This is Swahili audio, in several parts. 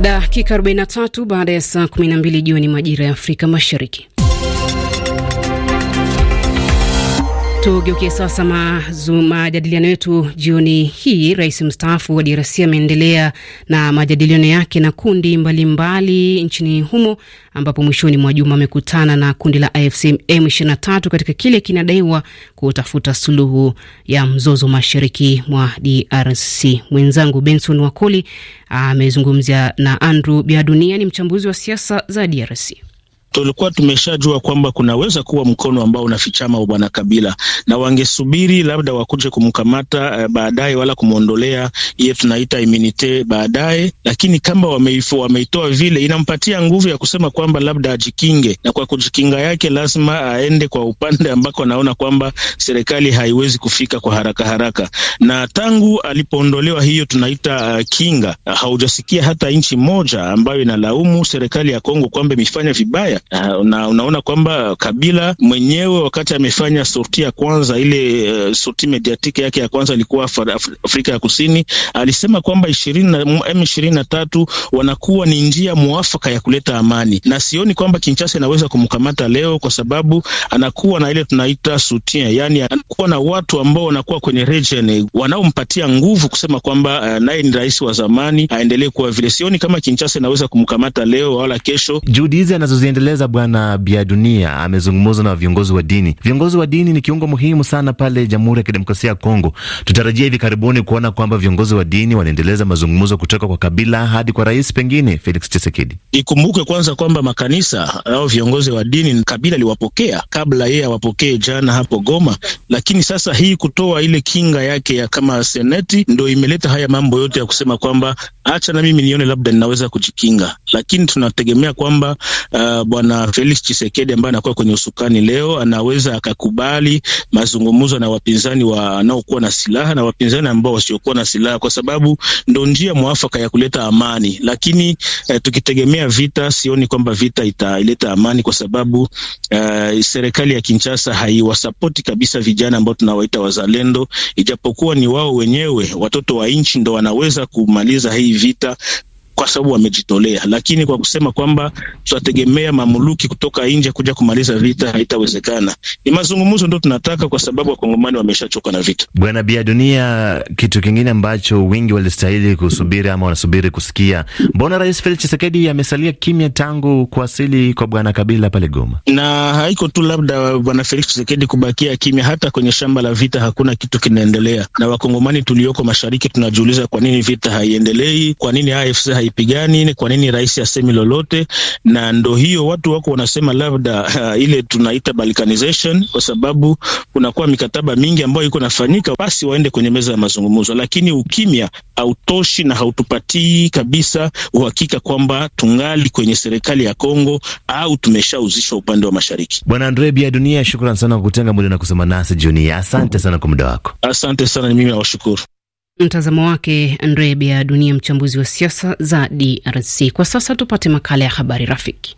Dakika 43 baada ya saa 12 jioni majira ya Afrika Mashariki. Tugeukie sasa majadiliano yetu jioni hii. Rais mstaafu wa DRC ameendelea na majadiliano yake na kundi mbalimbali mbali nchini humo, ambapo mwishoni mwa juma amekutana na kundi la AFC M23 katika kile kinadaiwa kutafuta suluhu ya mzozo mashariki mwa DRC. Mwenzangu Benson Wakoli amezungumza na Andrew Biadunia, ni mchambuzi wa siasa za DRC tulikuwa tumeshajua kwamba kunaweza kuwa mkono ambao unafichama bwana Kabila, na wangesubiri labda wakuje kumkamata uh, baadaye wala kumwondolea iye tunaita imunite baadaye, lakini kama wameifo, wameitoa vile, inampatia nguvu ya kusema kwamba labda ajikinge, na kwa kujikinga yake lazima aende kwa upande ambako anaona kwamba serikali haiwezi kufika kwa haraka haraka. Na tangu alipoondolewa hiyo tunaita uh, kinga, haujasikia hata nchi moja ambayo inalaumu serikali ya Kongo kwamba imefanya vibaya Eh, na unaona kwamba Kabila mwenyewe wakati amefanya sorti ya kwanza ile uh, eh, sorti mediatiki yake ya kwanza ilikuwa Afrika ya Kusini, alisema kwamba M na tatu wanakuwa ni njia mwafaka ya kuleta amani, na sioni kwamba Kinshasa inaweza kumkamata leo kwa sababu anakuwa na ile tunaita soutien, yani anakuwa na watu ambao wanakuwa kwenye region wanaompatia nguvu kusema kwamba uh, naye ni rais wa zamani aendelee kuwa vile. Sioni kama Kinshasa inaweza kumkamata leo wala kesho. Juhudi hizi anazoziendelea anavyoeleza Bwana Biadunia, amezungumza na viongozi wa dini. Viongozi wa dini ni kiungo muhimu sana pale Jamhuri ya Kidemokrasia ya Kongo. Tutarajia hivi karibuni kuona kwamba viongozi wa dini wanaendeleza mazungumzo kutoka kwa Kabila hadi kwa rais, pengine Felix Tshisekedi. Ikumbuke kwanza kwamba makanisa au viongozi wa dini Kabila aliwapokea kabla yeye awapokee jana hapo Goma, lakini sasa hii kutoa ile kinga yake ya kama seneti ndo imeleta haya mambo yote ya kusema kwamba acha na mimi nione labda ninaweza kujikinga lakini tunategemea kwamba uh, bwana Felix chisekedi ambaye anakuwa kwenye usukani leo anaweza akakubali mazungumzo na wapinzani wanaokuwa na silaha na wapinzani ambao wasiokuwa na silaha, kwa sababu ndo njia mwafaka ya kuleta amani. Lakini uh, tukitegemea vita, sioni kwamba vita italeta amani, kwa sababu uh, serikali ya Kinshasa haiwasapoti kabisa vijana ambao tunawaita wazalendo, ijapokuwa ni wao wenyewe watoto wa nchi ndo wanaweza kumaliza hii vita kwa sababu wamejitolea, lakini kwa kusema kwamba tutategemea mamuluki kutoka nje kuja kumaliza vita haitawezekana. Ni mazungumzo ndio tunataka, kwa sababu wakongomani wameshachoka na vita. Bwana Bia Dunia, kitu kingine ambacho wengi walistahili kusubiri ama wanasubiri kusikia, mbona Rais Felix Tshisekedi amesalia kimya tangu kuwasili kwa Bwana Kabila pale Goma? Na haiko tu labda Bwana Felix Tshisekedi kubakia kimya, hata kwenye shamba la vita hakuna kitu kinaendelea, na wakongomani tulioko mashariki tunajiuliza kwa nini vita haiendelei, kwa nini AFC hai haipigani kwa nini rais asemi lolote? Na ndo hiyo watu wako wanasema labda uh, ile tunaita balkanization, kwa sababu kunakuwa mikataba mingi ambayo iko nafanyika, basi waende kwenye meza ya mazungumzo, lakini ukimya hautoshi na hautupatii kabisa uhakika kwamba tungali kwenye serikali ya Kongo au tumeshauzishwa upande wa mashariki. Bwana Andre Bia Dunia, shukran sana kwa kutenga muda na kusema nasi jioni. Asante sana kwa muda wako. Asante sana, ni mimi nawashukuru. Mtazamo wake Andre Bia Dunia, mchambuzi wa siasa za DRC. Kwa sasa tupate makala ya habari rafiki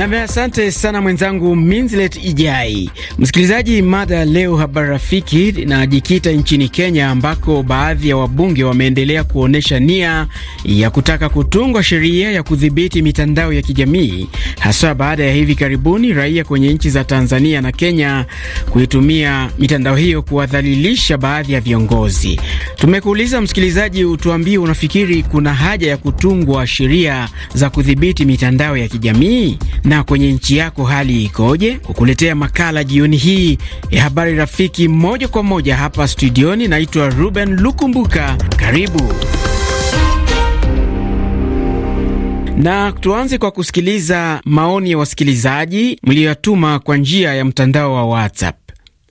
Nam, asante sana mwenzangu Minzlet Ijai. Msikilizaji, mada ya leo habari rafiki inajikita nchini Kenya, ambako baadhi ya wabunge wameendelea kuonyesha nia ya kutaka kutungwa sheria ya kudhibiti mitandao ya kijamii, haswa baada ya hivi karibuni raia kwenye nchi za Tanzania na Kenya kuitumia mitandao hiyo kuwadhalilisha baadhi ya viongozi. Tumekuuliza msikilizaji, utuambie unafikiri kuna haja ya kutungwa sheria za kudhibiti mitandao ya kijamii? na kwenye nchi yako hali ikoje, kukuletea makala jioni hii ya habari rafiki, moja kwa moja hapa studioni. Naitwa Ruben Lukumbuka, karibu na tuanze kwa kusikiliza maoni ya wasikilizaji mliyoyatuma kwa njia ya mtandao wa WhatsApp.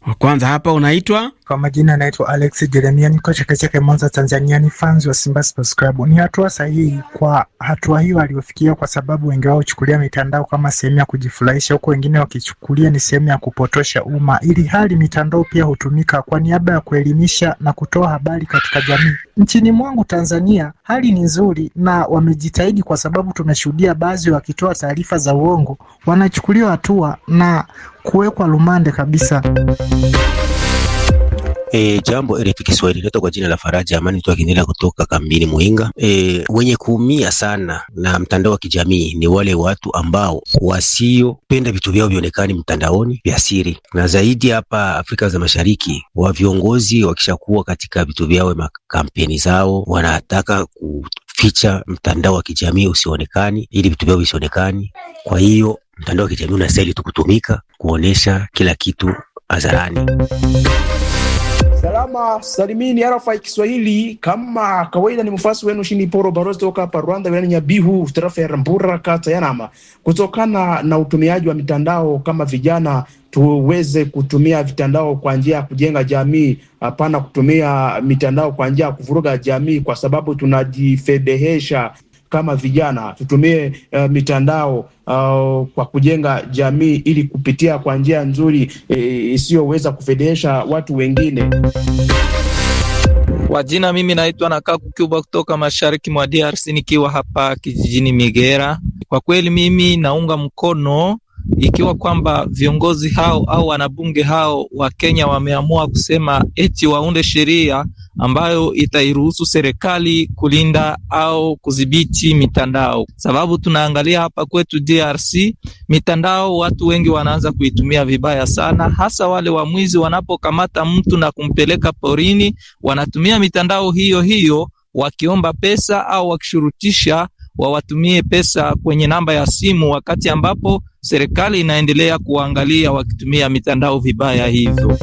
Wa kwanza hapa unaitwa kwa majina anaitwa Alex Jeremia, niko Chekecheke, Mwanza, Tanzania. Ni fans wa Simba Sports Club. Ni hatua sahihi kwa hatua hiyo aliyofikia, kwa sababu wengi wao huchukulia mitandao kama sehemu ya kujifurahisha, huku wengine wakichukulia ni sehemu ya kupotosha umma, ili hali mitandao pia hutumika kwa niaba ya kuelimisha na kutoa habari katika jamii. Nchini mwangu Tanzania hali ni nzuri na wamejitahidi, kwa sababu tumeshuhudia baadhi wakitoa taarifa za uongo wanachukuliwa hatua na kuwekwa rumande kabisa. E, jambo RFI Kiswahili leto kwa jina la Faraja Amani tu akiendelea kutoka kambini Muinga. E, wenye kuumia sana na mtandao wa kijamii ni wale watu ambao wasiopenda vitu vyao vionekani mtandaoni vya siri, na zaidi hapa Afrika za Mashariki wa viongozi wakishakuwa katika vitu vyao makampeni zao wanataka kuficha mtandao wa kijamii usionekani, ili vitu vyao visionekani. Kwa hiyo mtandao wa kijamii unastahili tu kutumika kuonesha kila kitu hadharani. Salama salimini RFI Kiswahili, kama kawaida ni mfasi wenu shini Poro Barozi toka hapa Rwanda, wilayani Nyabihu, tarafa ya Rambura, kata ya Nama. Kutokana na utumiaji wa mitandao, kama vijana tuweze kutumia vitandao kwa njia ya kujenga jamii, hapana kutumia mitandao kwa njia ya kuvuruga jamii, kwa sababu tunajifedhehesha kama vijana tutumie uh, mitandao uh, kwa kujenga jamii ili kupitia kwa njia nzuri eh, isiyoweza e, kufedhesha watu wengine. Kwa jina mimi naitwa Nakaku Kubwa kutoka mashariki mwa DRC nikiwa hapa kijijini Migera. Kwa kweli mimi naunga mkono ikiwa kwamba viongozi hao au wanabunge hao wa Kenya wameamua kusema eti waunde sheria ambayo itairuhusu serikali kulinda au kudhibiti mitandao, sababu tunaangalia hapa kwetu DRC mitandao, watu wengi wanaanza kuitumia vibaya sana, hasa wale wa mwizi wanapokamata mtu na kumpeleka porini, wanatumia mitandao hiyo hiyo wakiomba pesa au wakishurutisha wawatumie pesa kwenye namba ya simu, wakati ambapo serikali inaendelea kuangalia wakitumia mitandao vibaya hivyo.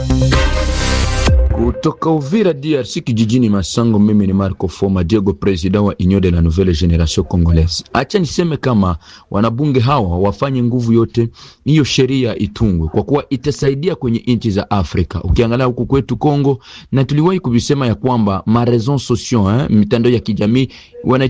Kutoka Uvira DRC kijijini Masango, mimi ni Marco Foma Diego, president wa Union de la Nouvelle Generation Congolaise. Acha niseme kama wanabunge hawa wafanye nguvu yote hiyo sheria itungwe, kwa kuwa itasaidia kwenye nchi za Afrika. Ukiangalia huku kwetu Kongo, na tuliwahi kuvisema ya kwamba ma mareseaux sociaux eh, mitandao ya kijamii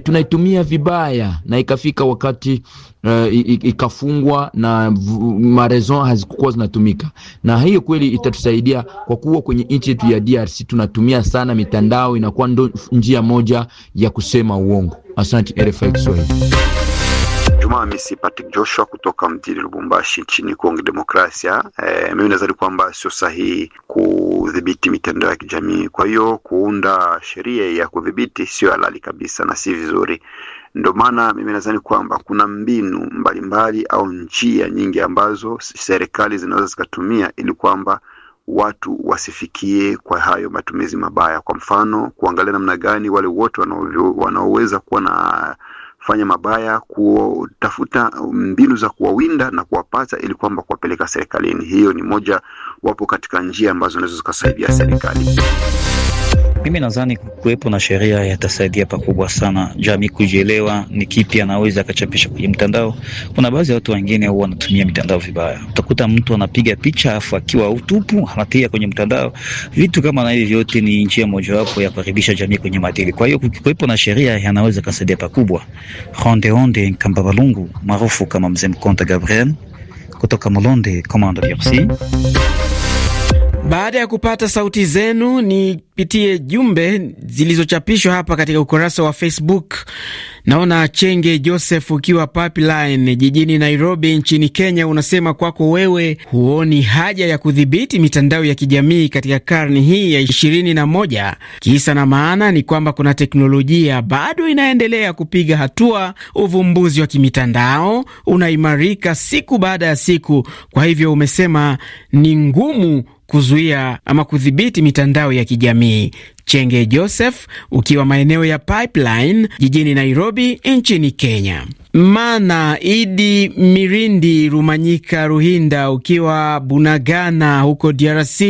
tunaitumia vibaya, na ikafika wakati uh, ikafungwa na ma mareseaux hazikuwa zinatumika, na hiyo kweli itatusaidia kwa kuwa kwenye nchi yetu ya DRC tunatumia sana mitandao, inakuwa ndo njia moja ya kusema uongo. Asante RFI Kiswahili. Misi Patrick Joshua kutoka mjini Lubumbashi nchini Kongo Demokrasia. E, mimi nadhani kwamba sio sahihi kudhibiti mitandao ya kijamii, kwa hiyo kuunda sheria ya kudhibiti sio halali kabisa na si vizuri. Ndio maana mimi nadhani kwamba kuna mbinu mbalimbali mbali, au njia nyingi ambazo serikali zinaweza zikatumia ili kwamba watu wasifikie kwa hayo matumizi mabaya. Kwa mfano, kuangalia namna gani wale wote wanaoweza kuwa na fanya mabaya, kutafuta mbinu za kuwawinda na kuwapata ili kwamba kuwapeleka serikalini. Hiyo ni moja wapo katika njia ambazo zinaweza zikasaidia serikali. Mimi nadhani kuwepo na sheria yatasaidia pakubwa sana jamii kujielewa ni kipi anaweza akachapisha kwenye mtandao. Kuna baadhi ya watu wengine huwa wanatumia mitandao vibaya, utakuta mtu anapiga picha afu akiwa utupu anatia kwenye mtandao. Vitu kama na hivi vyote ni njia mojawapo ya kuharibisha jamii kwenye maadili. Kwa hiyo kuwepo na sheria yanaweza kasaidia pakubwa. Ronde Onde Kambabalungu maarufu kama Mzee Mkonta Gabriel kutoka Molonde, Commando DRC. Baada ya kupata sauti zenu, nipitie jumbe zilizochapishwa hapa katika ukurasa wa Facebook. Naona Chenge Joseph ukiwa Pipeline jijini Nairobi nchini Kenya, unasema kwako wewe huoni haja ya kudhibiti mitandao ya kijamii katika karne hii ya ishirini na moja. Kisa na maana ni kwamba kuna teknolojia bado inaendelea kupiga hatua, uvumbuzi wa kimitandao unaimarika siku baada ya siku. Kwa hivyo umesema ni ngumu kuzuia ama kudhibiti mitandao ya kijamii. Chenge Joseph ukiwa maeneo ya Pipeline jijini Nairobi nchini Kenya. Mana Idi Mirindi Rumanyika Ruhinda, ukiwa Bunagana huko DRC,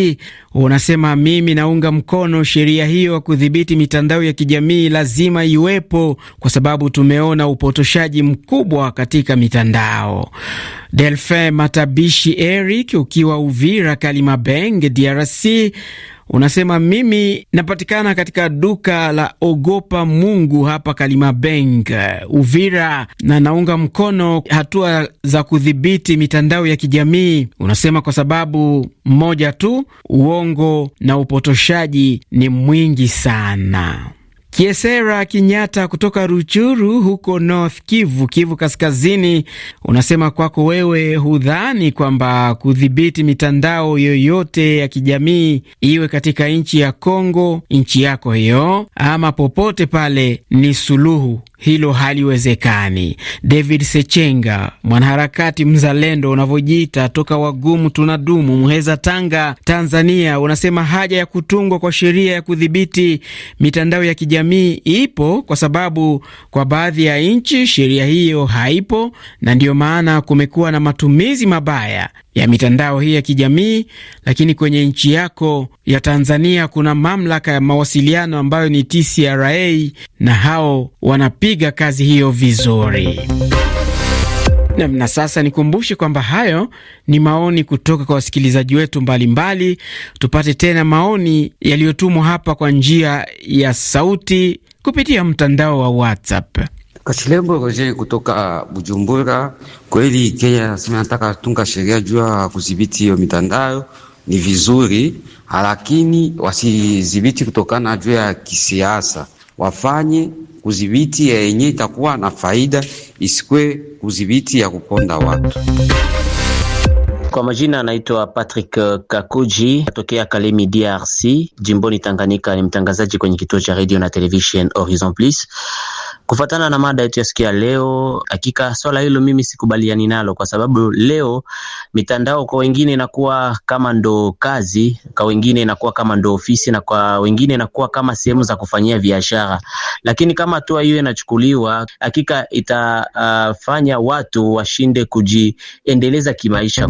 unasema mimi naunga mkono sheria hiyo ya kudhibiti mitandao ya kijamii, lazima iwepo kwa sababu tumeona upotoshaji mkubwa katika mitandao. Delfin Matabishi Eric, ukiwa Uvira Kalimabenge, DRC Unasema mimi napatikana katika duka la ogopa Mungu hapa Kalimabeng, uh, Uvira, na naunga mkono hatua za kudhibiti mitandao ya kijamii. Unasema kwa sababu mmoja tu, uongo na upotoshaji ni mwingi sana. Kiesera Kinyatta kutoka Ruchuru huko North Kivu, Kivu Kaskazini, unasema kwako wewe hudhani kwamba kudhibiti mitandao yoyote ya kijamii iwe katika nchi ya Kongo, nchi yako hiyo, ama popote pale ni suluhu. Hilo haliwezekani. David Sechenga, mwanaharakati mzalendo unavyojiita, toka wagumu tunadumu, Muheza, Tanga, Tanzania, unasema haja ya kutungwa kwa sheria ya kudhibiti mitandao ya kijamii jamii ipo, kwa sababu kwa baadhi ya nchi sheria hiyo haipo, na ndiyo maana kumekuwa na matumizi mabaya ya mitandao hii ya kijamii. Lakini kwenye nchi yako ya Tanzania kuna mamlaka ya mawasiliano ambayo ni TCRA, na hao wanapiga kazi hiyo vizuri. Na, na sasa nikumbushe kwamba hayo ni maoni kutoka kwa wasikilizaji wetu mbalimbali. Tupate tena maoni yaliyotumwa hapa kwa njia ya sauti kupitia mtandao wa WhatsApp. Kashilembo Roje kutoka Bujumbura. Kweli Kenya nasema nataka tunga sheria juu ya kudhibiti hiyo mitandao ni vizuri, lakini wasidhibiti kutokana juu ya kisiasa, wafanye kudhibiti yenye itakuwa na faida isikwe kudhibiti ya kuponda watu. Kwa majina anaitwa Patrick uh, Kakuji, natokea Kalemi, DRC, jimboni Tanganyika. Ni mtangazaji kwenye kituo cha radio na television Horizon Plus. Kufuatana na mada yetu ya siku ya leo, hakika swala hilo mimi sikubaliani nalo, kwa sababu leo mitandao kwa wengine inakuwa kama ndo kazi, kwa wengine inakuwa kama ndo ofisi, na kwa wengine inakuwa kama sehemu za kufanyia biashara. Lakini kama hatua hiyo inachukuliwa, hakika itafanya uh, watu washinde kujiendeleza kimaisha.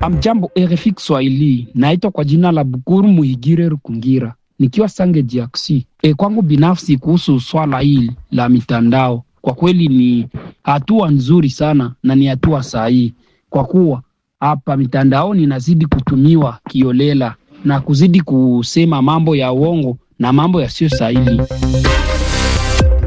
Amjambo RFI Kiswahili, naitwa kwa jina la Bukuru Muhigire Rukungira nikiwa Sange GX. E, kwangu binafsi kuhusu swala hili la mitandao, kwa kweli ni hatua nzuri sana na ni hatua sahihi, kwa kuwa hapa mitandaoni inazidi kutumiwa kiolela na kuzidi kusema mambo ya uongo na mambo yasiyo sahihi.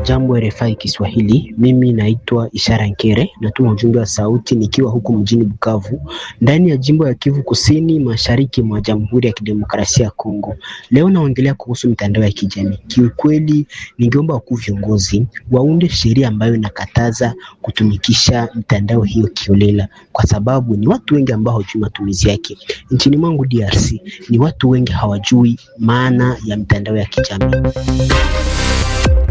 Jambo RFI Kiswahili, mimi naitwa Ishara Nkere, natuma ujumbe wa sauti nikiwa huku mjini Bukavu, ndani ya jimbo ya Kivu Kusini, mashariki mwa Jamhuri ya Kidemokrasia ya Kongo. Leo naongelea kuhusu mitandao ya kijamii. Kiukweli, ningeomba wakuu viongozi waunde sheria ambayo inakataza kutumikisha mitandao hiyo kiolela, kwa sababu ni watu wengi ambao hawajui matumizi yake. Nchini mwangu DRC, ni watu wengi hawajui maana ya mitandao ya kijamii.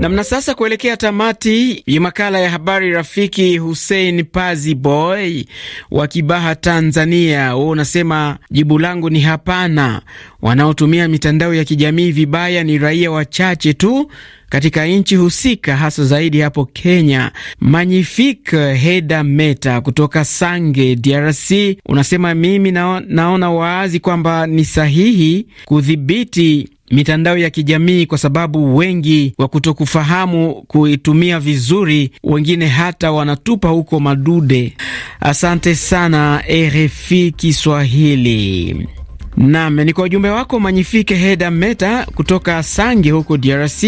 Namna sasa kuelekea tamati ya makala ya habari rafiki, Hussein Pazi Boy wa Kibaha, Tanzania, wewe unasema jibu langu ni hapana. Wanaotumia mitandao ya kijamii vibaya ni raia wachache tu katika nchi husika, hasa zaidi hapo Kenya. Magnific Heda Meta kutoka Sange, DRC, unasema mimi naona, naona wazi kwamba ni sahihi kudhibiti mitandao ya kijamii kwa sababu wengi wa kutokufahamu kuitumia vizuri, wengine hata wanatupa huko madude. Asante sana RFI Kiswahili. Nam ni kwa ujumbe wako Manyifike Heda Meta kutoka Sange huko DRC.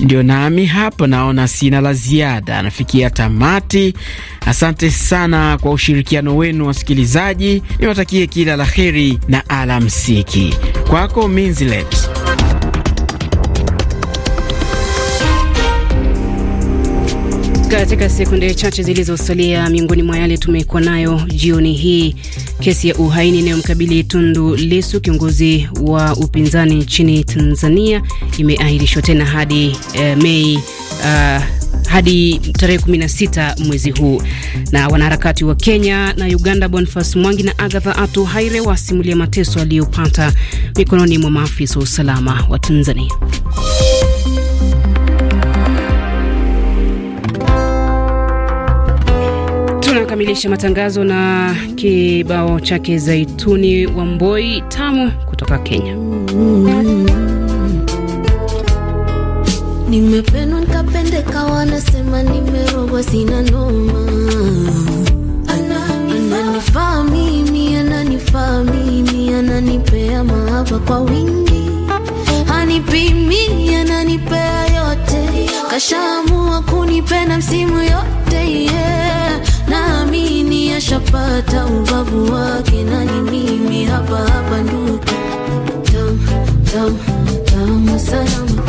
Ndio nami hapo naona sina la ziada, nafikia tamati. Asante sana kwa ushirikiano wenu wasikilizaji, niwatakie kila la heri na alamsiki kwako Minzilet. Katika sekunde chache zilizosalia, miongoni mwa yale tumekuwa nayo jioni hii Kesi ya uhaini inayomkabili Tundu lisu kiongozi wa upinzani nchini Tanzania, imeahirishwa tena hadi eh, Mei uh, hadi tarehe 16 mwezi huu. Na wanaharakati wa Kenya na Uganda, Boniface Mwangi na Agatha Atu Haire, wasimulia mateso aliyopata mikononi mwa maafisa wa usalama wa Tanzania. Tunakamilisha matangazo na kibao chake Zaituni wa Mboi tamu kutoka Kenya. Nimependwa nikapendeka, wanasema nimerogwa, sina noma. Ananifaa mimi, ananifaa mimi, ananipea mahaba kwa wingi, hanipimi, ananipea yote, kashamua kunipenda msimu Ushapata ubavu wake nani mimi hapa hapa ndugu, tamu tamu tamu salama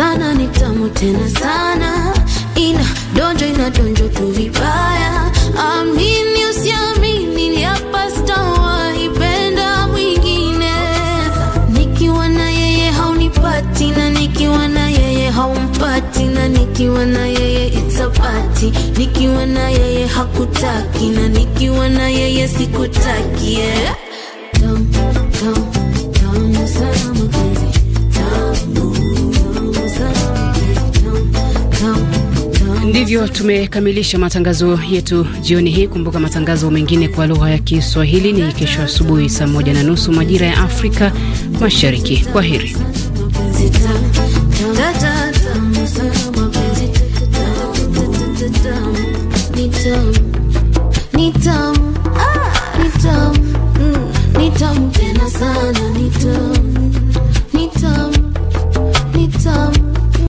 sana ni tamu tena sana, ina donjo ina donjo tu vibaya, amini ah, usiamini, stawa ipenda mwingine, nikiwa na yeye haunipati, na nikiwa na yeye haumpati, na nikiwa na yeye it's a party, nikiwa na yeye hakutaki, na nikiwa na yeye sikutaki yeah. ndivyo tumekamilisha matangazo yetu jioni hii. Kumbuka matangazo mengine kwa lugha ya Kiswahili ni kesho asubuhi saa moja na nusu majira ya Afrika Mashariki. Kwa heri. Nitamu, ah, nitamu, mm, nitamu tena sana.